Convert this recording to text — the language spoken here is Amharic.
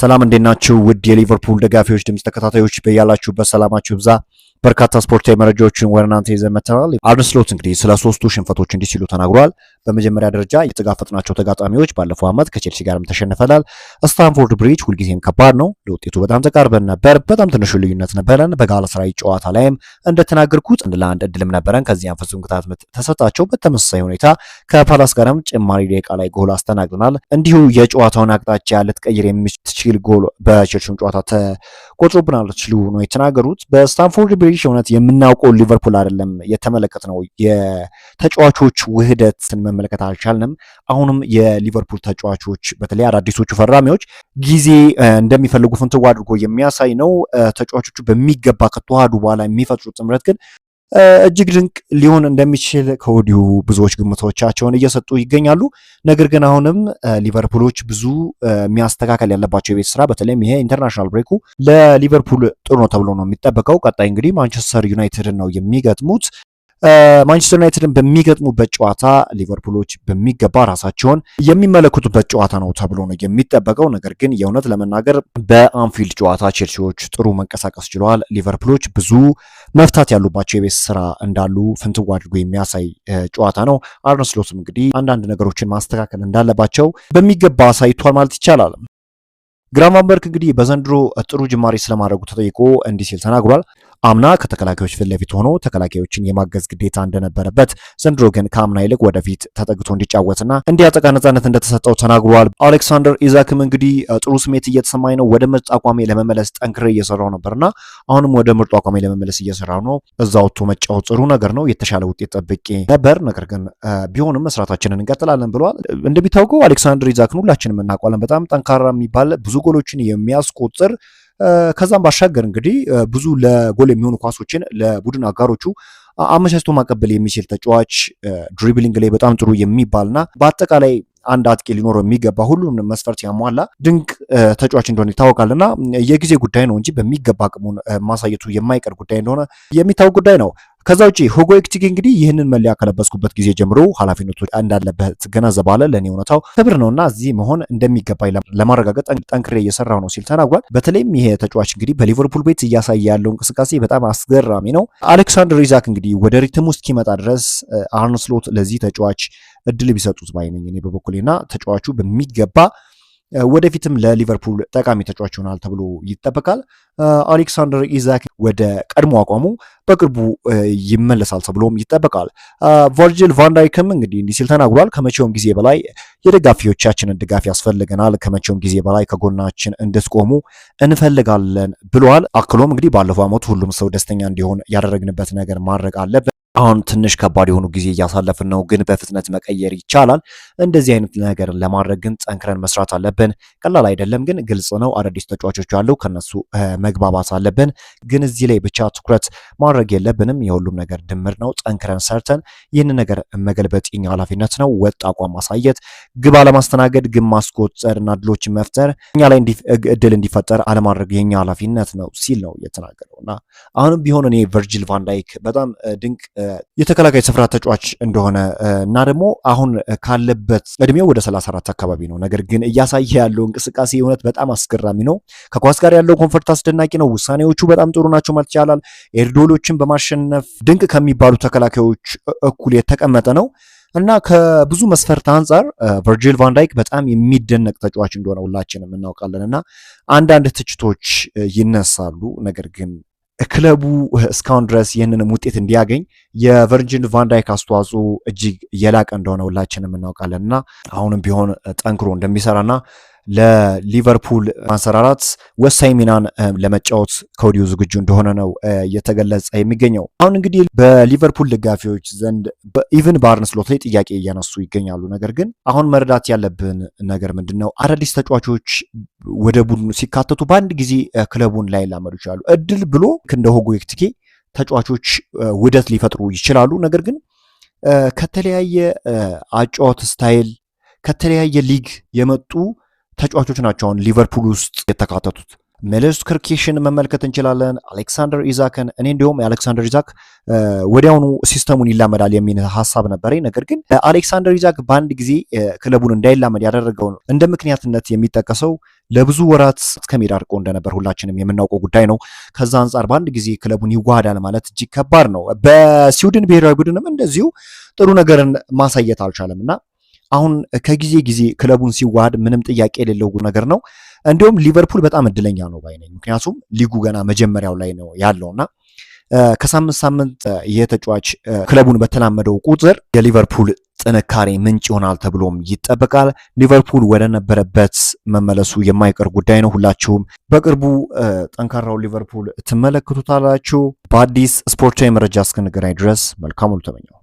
ሰላም እንዴት ናችሁ? ውድ የሊቨርፑል ደጋፊዎች ድምፅ ተከታታዮች በያላችሁበት ሰላማችሁ ብዛ። በርካታ ስፖርታዊ መረጃዎችን ወደ እናንተ ይዘን መጥተናል። አርነ ስሎት እንግዲህ ስለ ሶስቱ ሽንፈቶች እንዲህ ሲሉ ተናግሯል። በመጀመሪያ ደረጃ የተጋፈጥናቸው ተጋጣሚዎች ባለፈው ዓመት ከቼልሲ ጋርም ተሸንፈናል። ስታንፎርድ ብሪጅ ሁልጊዜም ከባድ ነው። ለውጤቱ በጣም ተቃርበን ነበር። በጣም ትንሹ ልዩነት ነበረን። በጋላታሳራይ ጨዋታ ላይም እንደተናገርኩት አንድ ለአንድ እድልም ነበረን። ከዚያም ፍጹም ቅጣት ምት ተሰጣቸው። በተመሳሳይ ሁኔታ ከፓላስ ጋርም ጭማሪ ደቂቃ ላይ ጎል አስተናግደናል። እንዲሁ የጨዋታውን አቅጣጫ ልትቀይር የምትችል ጎል በቼልሲም ጨዋታ ተቆጥሮብናል ሲሉ ነው የተናገሩት። በስታንፎርድ ብሪጅ እውነት የምናውቀው ሊቨርፑል አይደለም የተመለከት ነው የተጫዋቾች ውህደት መመለከት አልቻልንም። አሁንም የሊቨርፑል ተጫዋቾች በተለይ አዳዲሶቹ ፈራሚዎች ጊዜ እንደሚፈልጉ ፍንትው አድርጎ የሚያሳይ ነው። ተጫዋቾቹ በሚገባ ከተዋሃዱ በኋላ የሚፈጥሩት ጥምረት ግን እጅግ ድንቅ ሊሆን እንደሚችል ከወዲሁ ብዙዎች ግምቶቻቸውን እየሰጡ ይገኛሉ። ነገር ግን አሁንም ሊቨርፑሎች ብዙ የሚያስተካከል ያለባቸው የቤት ስራ፣ በተለይም ይሄ ኢንተርናሽናል ብሬኩ ለሊቨርፑል ጥሩ ነው ተብሎ ነው የሚጠበቀው። ቀጣይ እንግዲህ ማንቸስተር ዩናይትድን ነው የሚገጥሙት። ማንቸስተር ዩናይትድን በሚገጥሙበት ጨዋታ ሊቨርፑሎች በሚገባ ራሳቸውን የሚመለከቱበት ጨዋታ ነው ተብሎ ነው የሚጠበቀው። ነገር ግን የእውነት ለመናገር በአንፊልድ ጨዋታ ቼልሲዎች ጥሩ መንቀሳቀስ ችለዋል። ሊቨርፑሎች ብዙ መፍታት ያሉባቸው የቤት ስራ እንዳሉ ፍንትው አድርጎ የሚያሳይ ጨዋታ ነው። አርነ ስሎትም እንግዲህ አንዳንድ ነገሮችን ማስተካከል እንዳለባቸው በሚገባ አሳይቷል ማለት ይቻላል። ግራቨንበርክ እንግዲህ በዘንድሮ ጥሩ ጅማሬ ስለማድረጉ ተጠይቆ እንዲህ ሲል ተናግሯል። አምና ከተከላካዮች ፊት ለፊት ሆኖ ተከላካዮችን የማገዝ ግዴታ እንደነበረበት ዘንድሮ ግን ከአምና ይልቅ ወደፊት ተጠግቶ እንዲጫወትና እንዲያጠቃ ነጻነት እንደተሰጠው ተናግሯል። አሌክሳንደር ኢዛክም እንግዲህ ጥሩ ስሜት እየተሰማኝ ነው፣ ወደ ምርጥ አቋሜ ለመመለስ ጠንክሬ እየሰራው ነበርና አሁንም ወደ ምርጡ አቋሜ ለመመለስ እየሰራው ነው። እዛ ወጥቶ መጫወት ጥሩ ነገር ነው። የተሻለ ውጤት ጠብቄ ነበር፣ ነገር ግን ቢሆንም መስራታችንን እንቀጥላለን ብለዋል። እንደሚታወቀው አሌክሳንደር ኢዛክን ሁላችንም እናውቀዋለን። በጣም ጠንካራ የሚባል ብዙ ጎሎችን የሚያስቆጥር ከዛም ባሻገር እንግዲህ ብዙ ለጎል የሚሆኑ ኳሶችን ለቡድን አጋሮቹ አመቻችቶ ማቀበል የሚችል ተጫዋች ድሪብሊንግ ላይ በጣም ጥሩ የሚባልና በአጠቃላይ አንድ አጥቂ ሊኖረው የሚገባ ሁሉንም መስፈርት ያሟላ ድንቅ ተጫዋች እንደሆነ ይታወቃል የጊዜ ጉዳይ ነው እንጂ በሚገባ አቅሙን ማሳየቱ የማይቀር ጉዳይ እንደሆነ የሚታወቅ ጉዳይ ነው። ከዛ ውጪ ሁጎ ኤኪቲኬ እንግዲህ ይህንን መለያ ከለበስኩበት ጊዜ ጀምሮ ኃላፊነቶች እንዳለበት ገነዘባለ። ለእኔ እውነታው ክብር ነውና እዚህ መሆን እንደሚገባኝ ለማረጋገጥ ጠንክሬ እየሰራሁ ነው ሲል ተናግሯል። በተለይም ይሄ ተጫዋች እንግዲህ በሊቨርፑል ቤት እያሳየ ያለው እንቅስቃሴ በጣም አስገራሚ ነው። አሌክሳንደር ኢዛክ እንግዲህ ወደ ሪትም ውስጥ ኪመጣ ድረስ አርነ ስሎት ለዚህ ተጫዋች እድል ቢሰጡት ባይነኝ እኔ በበኩሌና ተጫዋቹ በሚገባ ወደፊትም ለሊቨርፑል ጠቃሚ ተጫዋች ይሆናል ተብሎ ይጠበቃል። አሌክሳንደር ኢዛክ ወደ ቀድሞ አቋሙ በቅርቡ ይመለሳል ተብሎም ይጠበቃል። ቨርጂል ቫንዳይክም እንግዲህ እንዲህ ሲል ተናግሯል። ከመቼውም ጊዜ በላይ የደጋፊዎቻችንን ድጋፍ ያስፈልገናል፣ ከመቼውም ጊዜ በላይ ከጎናችን እንድትቆሙ እንፈልጋለን ብለዋል። አክሎም እንግዲህ ባለፈው ዓመት ሁሉም ሰው ደስተኛ እንዲሆን ያደረግንበት ነገር ማድረግ አለብን አሁን ትንሽ ከባድ የሆኑ ጊዜ እያሳለፍን ነው፣ ግን በፍጥነት መቀየር ይቻላል። እንደዚህ አይነት ነገርን ለማድረግ ግን ጠንክረን መስራት አለብን። ቀላል አይደለም፣ ግን ግልጽ ነው። አዳዲስ ተጫዋቾች አሉ፣ ከነሱ መግባባት አለብን። ግን እዚህ ላይ ብቻ ትኩረት ማድረግ የለብንም። የሁሉም ነገር ድምር ነው። ጠንክረን ሰርተን ይህን ነገር መገልበጥ የኛ ኃላፊነት ነው። ወጥ አቋም ማሳየት፣ ግብ አለማስተናገድ፣ ግብ ማስቆጠር እና ድሎች መፍጠር እኛ ላይ እድል እንዲፈጠር አለማድረግ የኛ ኃላፊነት ነው ሲል ነው የተናገረው እና አሁንም ቢሆን እኔ ቨርጅል ቫንዳይክ በጣም ድንቅ የተከላካይ ስፍራ ተጫዋች እንደሆነ እና ደግሞ አሁን ካለበት እድሜው ወደ 34 አካባቢ ነው። ነገር ግን እያሳየ ያለው እንቅስቃሴ እውነት በጣም አስገራሚ ነው። ከኳስ ጋር ያለው ኮንፈርት አስደናቂ ነው። ውሳኔዎቹ በጣም ጥሩ ናቸው ማለት ይቻላል። ኤርዶሎችን በማሸነፍ ድንቅ ከሚባሉ ተከላካዮች እኩል የተቀመጠ ነው እና ከብዙ መስፈርት አንጻር ቨርጂል ቫንዳይክ በጣም የሚደነቅ ተጫዋች እንደሆነ ሁላችንም እናውቃለን እና አንዳንድ ትችቶች ይነሳሉ ነገር ግን ክለቡ እስካሁን ድረስ ይህንንም ውጤት እንዲያገኝ የቨርጅን ቫንዳይክ አስተዋጽኦ እጅግ የላቀ እንደሆነ ሁላችንም እናውቃለን እና አሁንም ቢሆን ጠንክሮ እንደሚሰራና ለሊቨርፑል ማንሰራራት ወሳኝ ሚናን ለመጫወት ከወዲሁ ዝግጁ እንደሆነ ነው እየተገለጸ የሚገኘው። አሁን እንግዲህ በሊቨርፑል ደጋፊዎች ዘንድ ኢቭን በአርነ ስሎት ላይ ጥያቄ እያነሱ ይገኛሉ። ነገር ግን አሁን መረዳት ያለብን ነገር ምንድን ነው? አዳዲስ ተጫዋቾች ወደ ቡድኑ ሲካተቱ በአንድ ጊዜ ክለቡን ላይ ላመዱ ይችላሉ። እድል ብሎ እንደ ሆጎ ኤኪቲኬ ተጫዋቾች ውደት ሊፈጥሩ ይችላሉ። ነገር ግን ከተለያየ አጫወት ስታይል ከተለያየ ሊግ የመጡ ተጫዋቾች ናቸውን ሊቨርፑል ውስጥ የተካተቱት። ሜሌስ ክርኬሽን መመልከት እንችላለን። አሌክሳንደር ኢዛክን እኔ እንዲሁም የአሌክሳንደር ኢዛክ ወዲያውኑ ሲስተሙን ይላመዳል የሚል ሀሳብ ነበረ። ነገር ግን አሌክሳንደር ኢዛክ በአንድ ጊዜ ክለቡን እንዳይላመድ ያደረገው እንደ ምክንያትነት የሚጠቀሰው ለብዙ ወራት እስከ ርቆ አርቆ እንደነበር ሁላችንም የምናውቀው ጉዳይ ነው። ከዛ አንጻር በአንድ ጊዜ ክለቡን ይዋሃዳል ማለት እጅግ ከባድ ነው። በስዊድን ብሔራዊ ቡድንም እንደዚሁ ጥሩ ነገርን ማሳየት አልቻለም እና አሁን ከጊዜ ጊዜ ክለቡን ሲዋሃድ ምንም ጥያቄ የሌለው ነገር ነው። እንዲሁም ሊቨርፑል በጣም እድለኛ ነው ባይነኝ፣ ምክንያቱም ሊጉ ገና መጀመሪያው ላይ ነው ያለውና ከሳምንት ሳምንት ይህ ተጫዋች ክለቡን በተላመደው ቁጥር የሊቨርፑል ጥንካሬ ምንጭ ይሆናል ተብሎም ይጠበቃል። ሊቨርፑል ወደ ነበረበት መመለሱ የማይቀር ጉዳይ ነው። ሁላችሁም በቅርቡ ጠንካራው ሊቨርፑል ትመለከቱታላችሁ። በአዲስ ስፖርታዊ መረጃ እስክንገናኝ ድረስ መልካም ሁሉ ተመኘው።